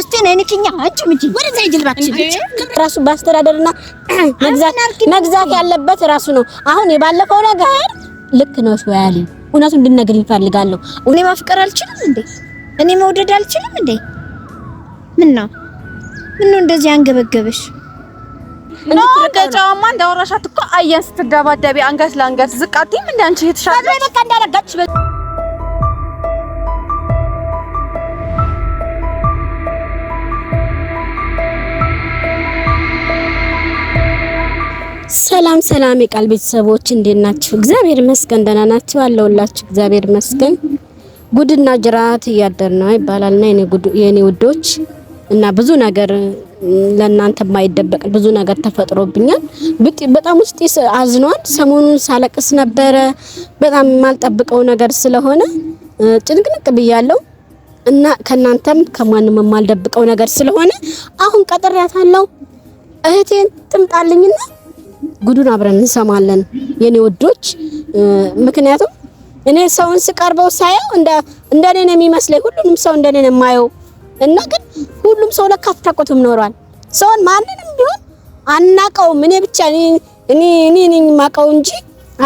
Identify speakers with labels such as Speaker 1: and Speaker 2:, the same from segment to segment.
Speaker 1: እስቲ ነይ ንኪኛ እጅ ምጂ ወደዛ ይጅልባችን ራሱ ባስተዳደርና መግዛት መግዛት ያለበት ራሱ ነው። አሁን የባለፈው ነገር ልክ ነው ሶያሊ፣ እውነቱን እንድነግር ይፈልጋለሁ። እኔ ማፍቀር አልችልም እንዴ? እኔ መውደድ አልችልም እንዴ? ምን ነው ምን ነው እንደዚህ አንገበገበሽ?
Speaker 2: ገጫዋማ እንዳወራሻት እኮ አየን ስትደባደቢ አንገት ለአንገት ዝቃቲም እንደ አንቺ የተሻለ በቃ እንዳረጋች
Speaker 1: ሰላም ሰላም የቃል ቤተሰቦች እንዴት ናችሁ? እግዚአብሔር ይመስገን ደህና ናችሁ? አለሁላችሁ። እግዚአብሔር ይመስገን። ጉድና ጅራት እያደር ነው ይባላልና የኔ ጉድ የኔ ውዶች እና ብዙ ነገር ለእናንተ የማይደበቅ ብዙ ነገር ተፈጥሮብኛል። በጣም ውስጥ አዝኗል። ሰሞኑን ሳለቅስ ነበረ። በጣም የማልጠብቀው ነገር ስለሆነ ጭንቅንቅ ብያለሁ እና ከእናንተም ከማንም የማልደብቀው ነገር ስለሆነ አሁን ቀጥሬያታለሁ እህቴን ትምጣልኝና ጉዱን አብረን እንሰማለን የኔ ወዶች። ምክንያቱም እኔ ሰውን ስቀርበው ሳየው እንደ እንደኔ ነው የሚመስለኝ፣ ሁሉንም ሰው እንደኔ ነው የማየው እና ግን ሁሉም ሰው ለካ አታውቁትም ኖሯል። ሰውን ማንንም ቢሆን አናቀውም። እኔ ብቻ እኔ እኔ እኔ የማውቀው እንጂ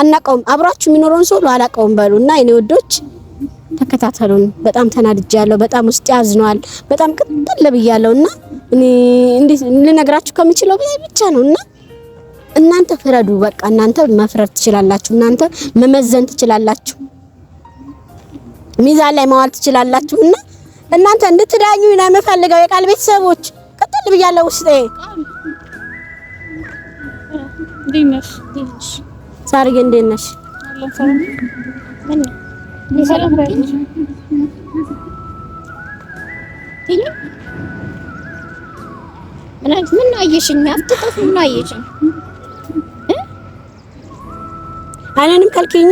Speaker 1: አናቀውም። አብራችሁ የሚኖረውን ሰው አላቀውም በሉ እና የኔ ወዶች ተከታተሉን። በጣም ተናድጃለሁ። በጣም ውስጥ ያዝኗል። በጣም ቅጥል ብያለሁ እና እኔ እንዴት ልነግራችሁ ከምችለው ብቻ ነው እና እናንተ ፍረዱ። በቃ እናንተ መፍረድ ትችላላችሁ። እናንተ መመዘን ትችላላችሁ። ሚዛን ላይ ማዋል ትችላላችሁና እናንተ እንድትዳኙ ነው የምፈልገው። የቃል ቤተሰቦች ቀጥል ብያለሁ ውስጤ ሳርጌ እንዴት ነሽ? ምን አየሽኝ? አትጠፉ ምን አየሽኝ? አይነንም ከልኪኛ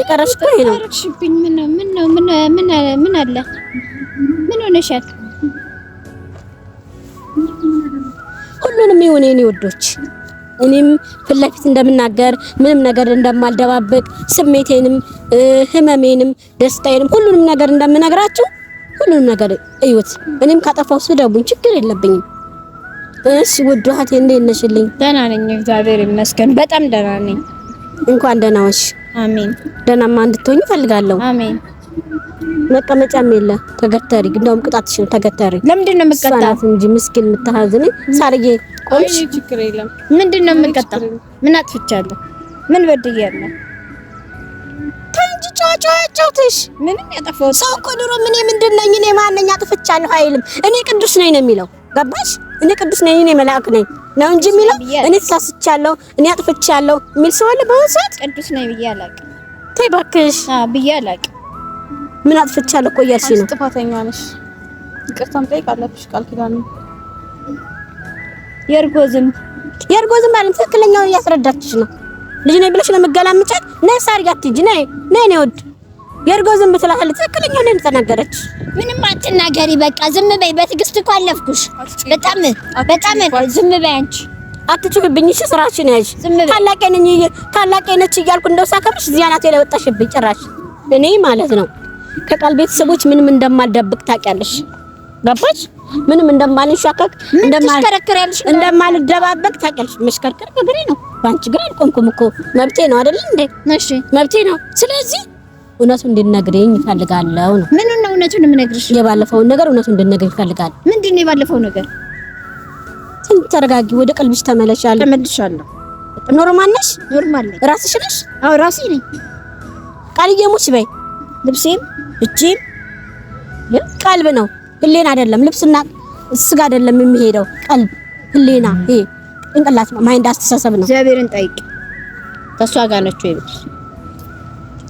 Speaker 1: የቀረሽ እኮ ይሄ ነው። ረክሽብኝ ምን ነው ምን ነው ምን ምን ምን አለ ምን ሆነሻል? ሁሉንም ይሁን የኔ ወዶች፣ እኔም ፊት ለፊት እንደምናገር ምንም ነገር እንደማልደባበቅ ስሜቴንም ህመሜንም ደስታዬንም ሁሉንም ነገር እንደምነግራችሁ ሁሉንም ነገር እዩት። እኔም ካጠፋው ስደቡኝ፣ ችግር የለብኝም። እሺ ውድ እህቴ እንዴት ነሽልኝ?
Speaker 2: ደህና ነኝ፣ እግዚአብሔር ይመስገን። በጣም ደህና ነኝ።
Speaker 1: እንኳን ደህና ዋልሽ። አሜን። ደህናማ እንድትሆኝ እፈልጋለሁ። አሜን። መቀመጫም የለ ተገተሪ፣ እንደውም ቅጣትሽ ነው ተገተሪ።
Speaker 2: ለምንድን ነው የምትቀጣው
Speaker 1: እንጂ ምስኪን የምታሳዝኝ ሳርዬ።
Speaker 2: ቆምሽ ችግር የለም።
Speaker 1: ምንድን ነው የምትቀጣው? ምን አጥፍቻለሁ? ምን በድያለሁ? ጫጫቻውትሽ
Speaker 2: ምንም ያጠፋው
Speaker 1: ሰው እኮ ድሮ ምን ምንድን ነኝ እኔ ማን አጥፍቻለሁ አይልም። እኔ ቅዱስ ነኝ ነው የሚለው ገባሽ? እኔ ቅዱስ ነኝ፣ እኔ መልአክ ነኝ ነው እንጂ የሚለው እኔ ተሳስቻለሁ፣ እኔ አጥፍቻለሁ የሚል ሰው አለ በአሁኑ ሰዓት።
Speaker 2: ቅዱስ ነኝ ብዬ አላውቅም። ተይ እባክሽ ብዬ አላውቅም።
Speaker 1: ምን አጥፍቻለሁ እኮ እያልሽ
Speaker 2: ነው። ጥፋተኛ ነሽ፣ ይቅርታም ጠይቃለሽ። ቃል ኪዳን የእርጎ ዝንብ
Speaker 1: የእርጎ ዝንብ አለም ትክክለኛውን እያስረዳችሽ ነው። ልጅ ነኝ ብለሽ ነው የምገላምጫት። ነይ ሳርጋት ሂጂ፣ ነይ ነይ ነይ ወድ የእርጎ ዝም ብትላል። ትክክለኛ ነው ተናገረች። ምንም አትናገሪ፣ በቃ ዝም በይ። በትዕግስት እኮ አለፍኩሽ። በጣም በጣም ዝም በይ አንቺ አትችብብኝ። እሺ ስራችን ያዥ። ታላቄ ነኝ ታላቄ ነች እያልኩ እንደው ሳከብሽ እዚህ አናቴ ላይ ወጣሽብኝ። ጭራሽ እኔ ማለት ነው ከቃል ቤተሰቦች ምንም እንደማልደብቅ ታውቂያለሽ። ገባሽ? ምንም እንደማልንሻከክ እንደማልከረከረልሽ እንደማልደባበቅ ታውቂያለሽ። መሽከርከር ግሬ ነው፣ ባንቺ ግሬ አልቆምኩም እኮ መብቴ ነው አይደል እንዴ? እሺ መብቴ ነው። ስለዚህ እውነቱ እንድነግርኝ እፈልጋለሁ ነው።
Speaker 2: ምን ነው እውነቱን የምነግርሽ?
Speaker 1: የባለፈውን ነገር እውነቱ እንድነግርኝ እፈልጋለሁ።
Speaker 2: ምንድን ነው የባለፈው ነገር?
Speaker 1: ትንሽ ተረጋጊ፣ ወደ ቀልብሽ ተመለሻል።
Speaker 2: ተመልሻለሁ። ኖርማል ነሽ? ኖርማል ነኝ። ራስሽ ነሽ? አዎ ራሴ ነኝ።
Speaker 1: ቃልዬ ሙች በይ። ልብሴም እጄም ቀልብ ነው፣ ህሌና አይደለም። ልብስና ስጋ አይደለም የሚሄደው፣ ቀልብ ህሌና፣ ይሄ ጭንቅላት ማይንድ፣ አስተሳሰብ ነው።
Speaker 2: እግዚአብሔርን ጠይቅ። ከእሷ ጋር ነች ወይ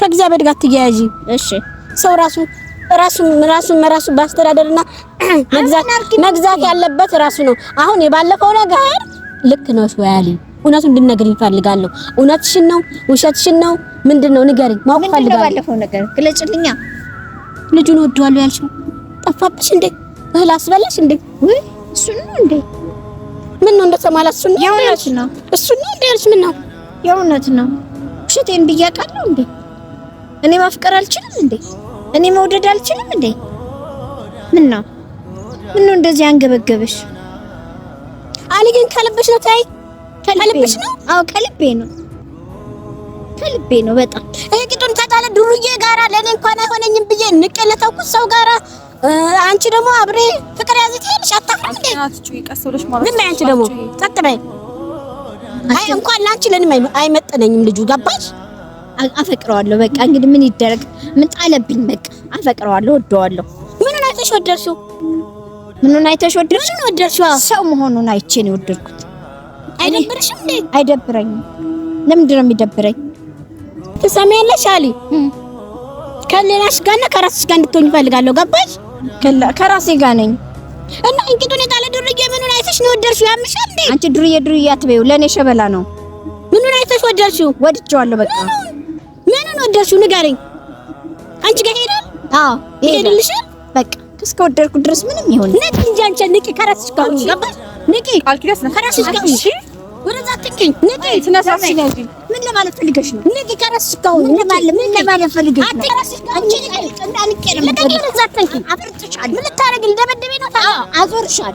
Speaker 1: ከእግዚአብሔር ጋር ትያያዥ። እሺ ሰው ራሱ ራሱ ራሱ ራሱ ባስተዳደርና መግዛት ያለበት ራሱ ነው። አሁን የባለፈው ነገር ልክ ነው ሶያሊ እውነቱን እንድነግር ይፈልጋለሁ። እውነትሽን ነው ውሸትሽን ነው ምንድን ነው ንገሪኝ፣
Speaker 2: ማወቅ ፈልጋለሁ። ባለፈው ነገር ግለጭልኛ።
Speaker 1: ልጁን ወደዋለሁ ያልሽ ጠፋብሽ እንዴ? እህል አስበላሽ እንዴ?
Speaker 2: ወይ እሱ ነው እንዴ?
Speaker 1: ምን ነው እንደሰማላ እሱ ነው ያው ነው እሱ ነው እንዴ ያልሽ ምን ነው
Speaker 2: የእውነት ነው
Speaker 1: ውሸቴን ብያቃለሁ እንዴ? እኔ ማፍቀር አልችልም እንዴ? እኔ መውደድ አልችልም እንዴ? ምን ነው ምን ነው እንደዚህ አንገበገበሽ? አሊ ግን ከልብሽ ነው? ታይ ከልብሽ ነው?
Speaker 2: አዎ ከልቤ ነው፣
Speaker 1: ከልቤ ነው። በጣም ይሄ ቂጡን ተጣለ ዱርዬ ጋራ ለኔ እንኳን አይሆነኝም ብዬ ንቀለተውኩ ሰው ጋራ አንቺ ደግሞ አብሬ ፍቅር ያዘች ይልሽ አታፍሪም እንዴ?
Speaker 2: ማለት
Speaker 1: ነው። ምን አንቺ ደግሞ ጸጥ በይ። አይ እንኳን ለአንቺ ለኔ አይመጠነኝም ልጁ ገባሽ?
Speaker 2: አፈቅረዋለሁ። በቃ እንግዲህ ምን ይደረግ፣ ምን ጣለብኝ። በቃ አፈቅረዋለሁ፣ ወደዋለሁ።
Speaker 1: ምኑን አይተሽ ወደድሽው? ምኑን አይተሽ ወደድሽው? ወደድሽው? ሰው መሆኑን አይቼ ነው የወደድኩት።
Speaker 2: አይደብርሽም እንዴ?
Speaker 1: አይደብረኝም። ለምንድን ነው የሚደብረኝ? ትሰሚያለሽ አሊ፣ ከሌላሽ ጋርና ከራስሽ ጋር እንድትሆኝ እፈልጋለሁ። ገባሽ?
Speaker 2: ከራሴ ጋር ነኝ
Speaker 1: እና እንግዲህ ሁኔታ ለዱርዬ ምኑን አይተሽ ነው ወደድሽው? ያምሻል እንዴ?
Speaker 2: አንቺ ዱርዬ ዱርዬ አትበይው፣ ለእኔ ሸበላ ነው።
Speaker 1: ምኑን አይተሽ ወደድሽው?
Speaker 2: ወድጄዋለሁ በቃ
Speaker 1: ማንን ወደድሽው? ንገረኝ። አንቺ ጋር ሄደን? አዎ ይሄድልሻል። በቃ እስከወደድኩ ድረስ ምንም ይሁን ነጭ እንጂ አንቺ ንቂ፣ ከራስሽ ጋር ገባሽ? ንቂ፣ ነው። ከራስሽ ጋር እሺ። ወደዛ ትንኪኝ፣
Speaker 2: ንቂ። ትነሳሽ ነው እንጂ
Speaker 1: ምን ለማለት ፈልገሽ ነው? ንቂ፣ ከራስሽ ጋር ምን ለማለት ምን ለማለት ፈልገሽ ነው? ከራስሽ ጋር አንቺ ንቂ። እንዳንቄ ነው ለቀኝ። ወደዛ ትንኪኝ። አፍርጥሻል። ምን ልታረግ? ልደበደበኝ ነው? አዞርሻል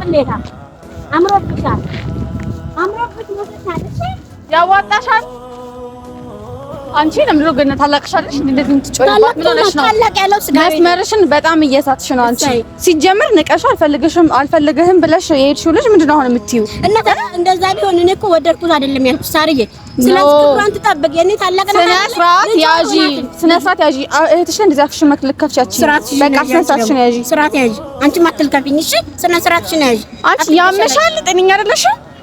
Speaker 1: ቅሌታ አምሮብሻል፣ አምሮብሽ
Speaker 2: ያዋጣሻል አንቺ ለምንድን ነው ገና ታላቅሻለሽ? እንደዚህ
Speaker 1: የምትጮይባት ምን ሆነሽ ነው?
Speaker 2: መስመርሽን በጣም እየሳትሽ ነው። አንቺ ሲጀምር ንቀሽ አልፈልግሽም አልፈልግህም ብለሽ የሄድሽው ልጅ ምንድን ነው አሁን የምትይው?
Speaker 1: እና እንደዛ ቢሆን እኔ እኮ ወደድኩት አይደለም ያልኩት ሳርዬ። ስለዚህ ትጠብቅ። ታላቅ ነው። ስነ ስርዓት ያዢ፣
Speaker 2: ስነ እህትሽ እንደዚህ አፍሽን መክልክ ያቺ በቃ ስነ ስርዓትሽን ያዢ፣
Speaker 1: ስርዓት ያዢ። አንቺ ማትልከፊኝ እሺ? ስነ ስርዓትሽን ያዢ።
Speaker 2: አንቺ ያመሻል። ጤነኛ አይደለሽም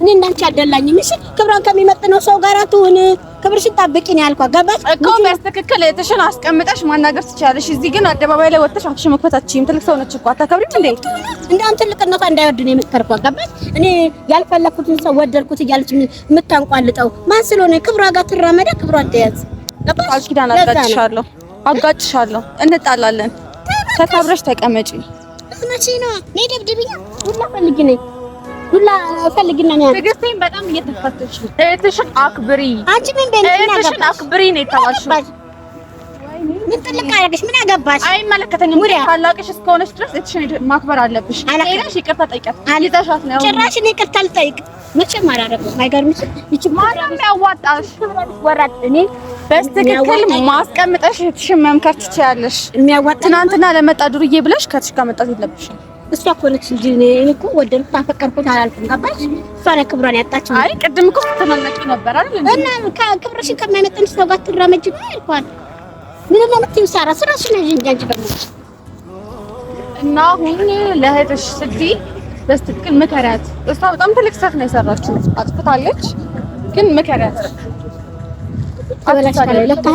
Speaker 1: እኔ እንዳንቺ አደላኝም። እሺ ክብሯን ከሚመጥነው ሰው ጋር ትሁን፣ ክብርሽን ጠብቂ ነው ያልኳት። ገባሽ
Speaker 2: እኮ በትክክል እህትሽን አስቀምጠሽ ማናገር ትችያለሽ። እዚህ ግን አደባባይ ላይ ወጥተሽ አፍሽን መክፈት አትችይም። ትልቅ ሰው ነች እኮ አታከብሪም እንዴ?
Speaker 1: እንደውም ትልቅነቷ እንዳይወድ ነው የምትከርኳት። ገባሽ እኔ ያልፈለኩትን ሰው ወደድኩት እያለች የምታንቋልጠው ማን ስለሆነ ክብሯ ጋር ትራመደ፣ ክብሯን ትያዝ።
Speaker 2: ገባሽ ኪዳን አጋጭሻለሁ፣ አጋጭሻለሁ፣ እንጣላለን። ተከብረሽ ተቀመጪ።
Speaker 1: መቼ ነው እኔ ደብድብኛ ሁላ ፈልጊ ነኝ ሁላ ፈልግና ነው ያለው።
Speaker 2: ትዕግስቴን በጣም እየተፈተሽ እህትሽን አክብሪ። አንቺ ምን እህትሽን አክብሪ ነው የተባልሽው?
Speaker 1: ምን ጥልቅ አደረግሽ? ምን አገባሽ?
Speaker 2: አይመለከተኝም። ታላቅሽ እስከሆነች ድረስ እህትሽን ማክበር አለብሽ። ሄደሽ ይቅርታ ጠይቂያት። ይዘሻት ነው
Speaker 1: ጭራሽ። እኔ ይቅርታ ልጠይቅ መቼም አላደርግም። አይገርምሽም?
Speaker 2: ይቺ ማንም ያዋጣሽ ወራት እኔ በስትክክል ማስቀምጠሽ እህትሽን መምከር ትችያለሽ። ትናንትና ለመጣ ዱርዬ ብለሽ ከእህትሽ ጋር መጣት የለብሽም።
Speaker 1: እሷ እኮ ነች እንጂ እኔ እኮ ወደድኩት አፈቀርኩት አላልኩም። ገባሽ? እሷ ነው ክብሯን ያጣችው።
Speaker 2: አይ ቅድም እኮ ስትመነቂ ነበር አይደል?
Speaker 1: እና ክብርሽን ከማይመጥንሽ ሰው ጋር ትራመጂ ነው ያልኳት። ምን ነው የምትይው? ሳራ ስራሽ ነው እንጂ አንቺ ደግሞ
Speaker 2: እና አሁን ለእህትሽ ስትይ በስትክክል ምከሪያት። እሷ በጣም ትልቅ ስህተት ነው የሰራችው። አጥፍታለች፣ ግን ምከሪያት
Speaker 1: ልክ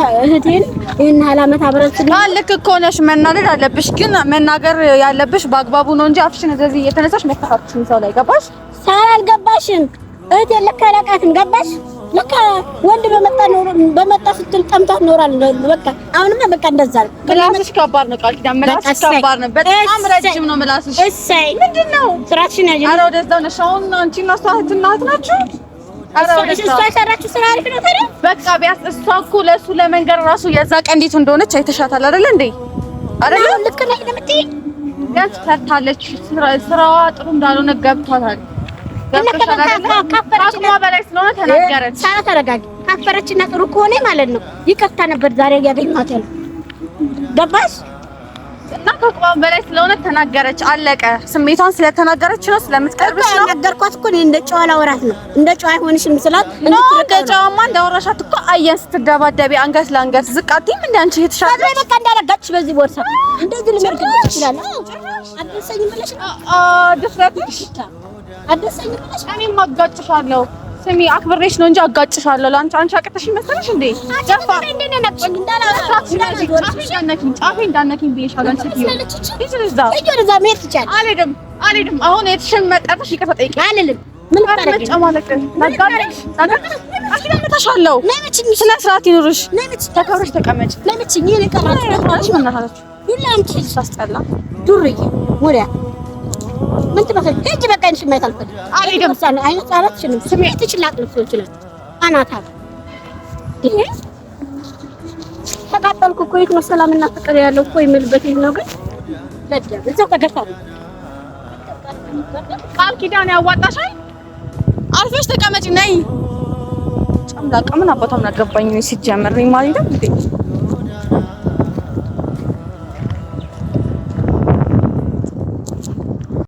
Speaker 2: እኮ ነሽ። መናደድ አለብሽ፣ ግን መናገር ያለብሽ በአግባቡ ነው እንጂ አፍሽን እንደዚህ እየተነሳሽ መታፋፍሽን ሰው ላይ ገባሽ።
Speaker 1: ሳራ አልገባሽም እህቴ። ልክ አላውቃትም። ገባሽ? ልክ ወንድ በመጣ ነው በመጣ ስትል ጠምቷት ኖራል። በቃ አሁንማ በቃ እንደዛ ነው።
Speaker 2: ምላስሽ ከባድ ነው፣ ቃል ኪዳን ምላስሽ ከባድ ነው። በጣም ረጅም ነው ምላስሽ። እሰይ ምንድን ነው ስራችን? ያጀ አረ ወደዛው ነሽ አሁን። አንቺ እና እሷ እናት ናችሁ በቃ ቢያንስ እሷ እኮ ለእሱ ለመንገር ራሱ የዛ ቀን እንዴት እንደሆነች አይተሻታል አይደለ እንዴ? ቢያንስ ፈርታለች። ስራዋ ጥሩ እንዳልሆነ ገብቷታል።
Speaker 1: በላይ ስለሆነ ካፈረችና ጥሩ ከሆነ ማለት ነው ይቅርታ ነበር ዛሬ ያገኘኋት ገባሽ?
Speaker 2: እና ከአቅሟም በላይ ስለሆነ ተናገረች። አለቀ። ስሜቷን ስለተናገረች ነው ስለምትቀርብሽ
Speaker 1: ነው ነገርኳት እኮ እኔ እንደ ጨዋ ላወራት ነው እንደ ጨዋ አይሆንሽም ስላት
Speaker 2: ነው እንደ ጨዋማ እንዳወራሻት እኮ አየን ስትደባደቢ አንገት ለአንገት ዝቅ አትይም እንደ አንቺ የተሻለ
Speaker 1: ነው በቃ እንዳረጋችሽ በዚህ ቦርሳ እንደዚህ ልመርግ ይችላል አደሰኝ ብለሽ አደሰኝ ብለሽ
Speaker 2: እኔም አጋጭሻለሁ ስሚ አክብሬሽ ነው እንጂ አጋጭሻለሁ። ለአንቺ አንቺ አቅጥሽ ይመስልሽ እንዴ? ደፋር ጫፌ አሁን የትሽን መጣጥሽ ይቅርታ ጠይቂኝ አልልም። ምን ታረጋለሽ? ማለት ስነ ስርዓት ይኑርሽ፣ ተከብረሽ ተቀመጭ። ለምችኝ ይሄን ቀራጭ ነው ማለት ነው። ሁላም ትሽስ አስጠላ ዱርዬ ወዲያ ምን ትመስል እጅ በቃኝ። ሽማይት አልፈል አይ ሳለ አይነ ጻራት ሽንም ስሜት ይችላል ልብሶ ይችላል አናታ ይሄ ተቃጠልኩ እኮ የት ነው ሰላም እና ፍቅር ያለው እኮ የምልበት ነው። ግን ለዳ እዛው ተገፋል። ቃል ኪዳን ያዋጣሻል። አርፈሽ ተቀመጪ ነይ። ጨምላቃ ምን አባቷ ምን አገባኝ ሲጀመር ነው ማለት ነው።